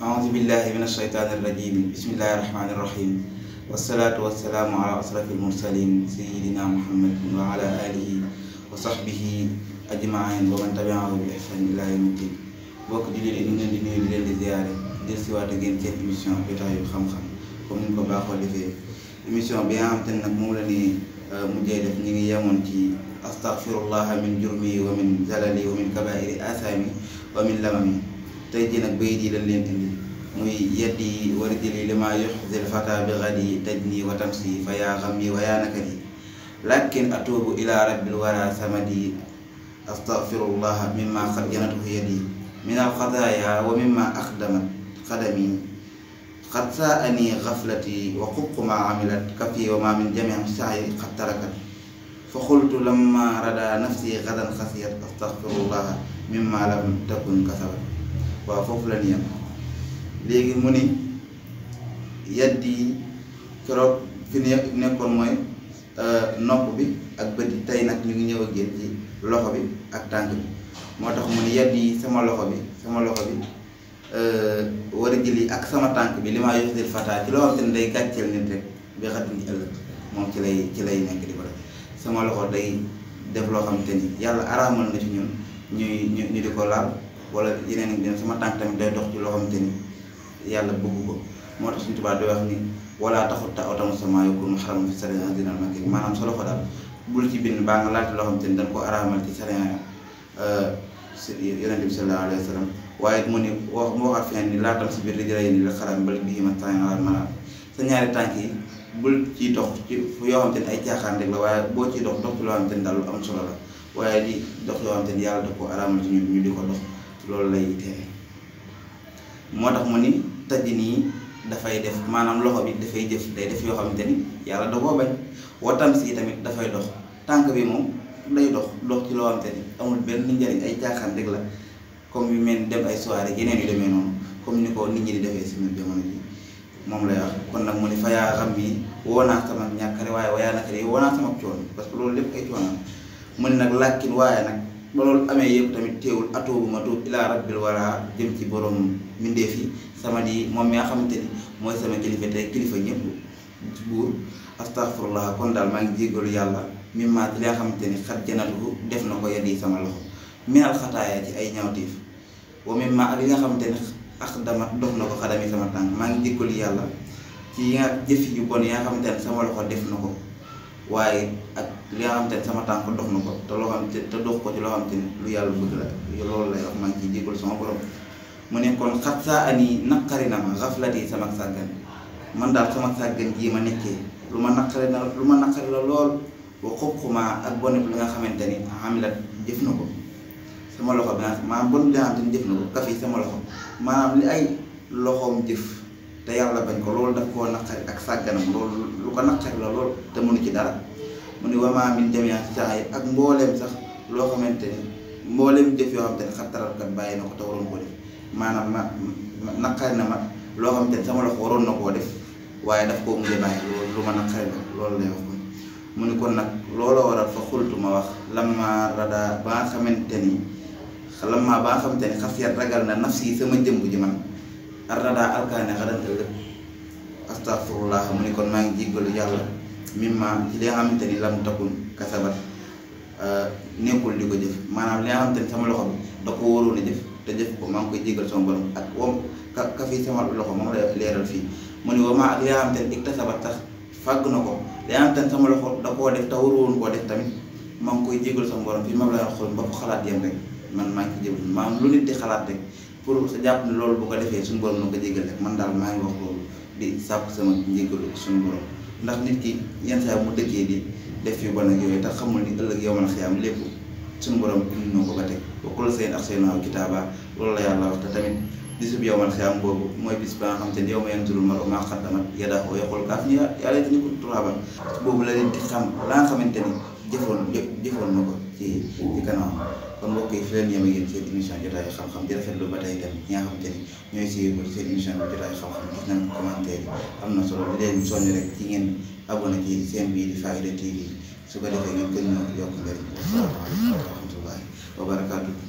aoudu billahi min asheytaani irrajim bismillahi irrahmaani irrahim wassalaatu wassalaamu ala asrafi almursalin sayidina muhammadin wa ala alihi wa sahbihi ajmain wa man tabiahu bi ihsan ila yawmiddin bokk di leen ñu leen di nuyu di leen di ziyaare del siwaat ngeen seen émission jotaayu xam-xam comme ni ko baaxoo defee émission bi nga xam te nag moom la ni euh, mujjee def ñu ngi yemoon ci astaghfirullaha min jurmi wa min zalali wa min kabairi asami wa min lamami tey jii nag bayit yi lañ leen indi muy yeddi warjili li maa yuxzil fata bi gadi tajni wa tamsi fa yaa xam yi wa yaa nakadi lakin atuubu ila rabbil wara samadi astaghfirullah mimma qad janatuhu yadi min alxataaya wa mimma axdamat xadami xad saa'ani gaflati wa qubqu maa amilat kafi wa maa min jamiam saay xad tarakat fa xultu lamma rada nafsi gadan xasiyat astaghfirullah mimma lam takun kasabat waaw foofu la ñu yem léegi mu ni yedd yi keroog fi nekkoon mooy euh, nopp bi ak bët yi tey nag ñu ngi ñëw a ci loxo bi ak tànk bi moo tax mu ni yedd yi sama loxo bi sama loxo bi euh, war a jël yi ak sama tànk bi li maa yox dir fataa ci loo xam te day gàcceel nit rek bi xatin ci ëllëg moom ci lay ci lay nekk di ko def sama loxo day def loo xam te ni yàlla araamal na ci ñun ñuy ñu di ko laal wala yeneen ak yeneen sama tànk tamit day dox ci loo xamante ni yàlla bëgg ko moo tax suñu tubaab day wax ni wala taxut ta otamu sama yokkul mu xaram fi sariya dina ma kii maanaam sa loxo bul ci bind baa nga laajte loo xamante ni dañ ko araamal ci sariya euh, yonent bi sallallahu alayhi wa waaye mu ne wax mu waxaat feneen si biir rijlay ni la xaram bal bii ma sa ñaari tànk yi bul ci dox ci yoo xamante ni ay caaxaan rek la waaye boo ciy dox dox ci loo xamante ni daal lu am solo la waaye di dox yoo xamante ni yàlla da ko araamal ci ñun ñu di ko dox loolu lay tere moo tax mu ni tëj nii dafay def maanaam loxo bi dafay jëf day def yoo xamante ni yàlla da koo bañ watam si tamit dafay dox tànk bi moom day dox loo xamante ni amul benn njariñ ay caaxaan rek la yu mel dem ay soirée yeneen yu demee comme ni ko nit ñi si biir jamono moom lay wax kon nag mu ne fa yaa xam ni woo naa sama ñàkkare waaye waaye naka de naa sama coono parce que loolu lépp ay coono mu ne nag làkkin waaye nag. ba loolu amee yëpp tamit teewul atuubu matuub ilaa rabbil wara jëm ci borom mbindeef yi sama di moom mi nga xamante ni mooy sama kilifa tey kilifa ñëpp buur astaghfirullah kon daal maa ngi jégalu yàlla min maa li nga xamante ni xat janatuhu def na ko yadi sama loxo minal xataaya ay ñawtiif wa min maa ak li nga xamante ni ax dama dox na ko xadami sama tànk maa ngi jégalu yàlla ci yi nga jëf yu bon yi nga xamante ni sama loxo def na ko waaye ak li nga xam te sama tànk dox na ko te loo xam te dox ko ci loo xam te ne lu yàlla bëgg la loolu lay wax maa ngi ciy jégalu sama borom mu ne kon xat saa ani naqari na ma xaflati sama sàggan man daal sama sàggan jii ma nekkee lu ma naqari na lu ma naqari la lool ba xubxumaa ak bonub li nga xamante ni amilat jëf na ko sama loxo bi maanaam bon li nga xamante ni sama loxo maanaam li ay loxoom jëf te yàlla bañ ko loolu daf koo naqari ak sàgganam loolu lu ko naqari la lool te mënu ci dara mu ne wamaa min jamiati saayi ak mbooleem sax loo xamante ni mbooleem jëf yoo xamante ne xat taralkat bàyyi na ko te ko def maanaam ma naqari na ma loo xamante ne waroon na koo def waaye daf koo mujj wax mu ne kon nag looloo waral fa xultu ma wax lamma rada ba nga xamante ni lamma ba nga xamante ragal na nafs yi sama jëmb ji man ar rada alkaane xadante lëpp astaghfirullah mu ne kon maa ngi jéggalu yàlla mimma ci li nga xamante ni lam takun kasabat euh, nekkul di ko jëf maanaam li nga xamante sama loxo bi da ko waroon a jëf te jëf ko maa ngi koy jégal sama ak wom ka ka loxo moom leeral fii mu ne wama ak li nga xamante ni iktasabat sax fàgg na ko li nga xamante ni sama loxo da koo def te waroon koo def maa ngi koy jégal sama borom fii mam la xol ba fu xalaat yem rek man maa ngi koy jégal maanaam lu di xalaat rek pour sa jàpp loolu bu ko defee suñu borom na ko man daal maa ngi wax loolu di sàkku sama njégalu suñu borom ndax nit ki yenn saa mu dëkkee di def yu bon ak yooyu tax xamul ni ëllëg yow man xiyaam lépp suñu borom indi na ko ba teg wa kullu shay'in ahsaynaahu kitaaba loolu la yàlla wax te tamit bisub yow man xiyaam boobu mooy bis ba nga xam te ne yow ma yanzurul mar'u maa qaddamat yadaahu wa yaquulu yaa laytanii kuntu turaaban boobu la leen di xam la xamante ni jëfoon jëfoon na ko ci ci kanam kon mbokk yi fi leen yem ak yéen seen émission jotaayu xam-xam di rafetlu ba tey dem ñi nga xamante ni ñooy suivre seen émission bi jotaayu xam-xam gis nañ ko commentaire yi am na solo leen soññ rek ci ngeen abonné ci seen bii di Faaida TV su ko defee ngeen gën ñoo yokk njëriñ. asalaamaaleykum wa rahmatullahi wa barakaatu.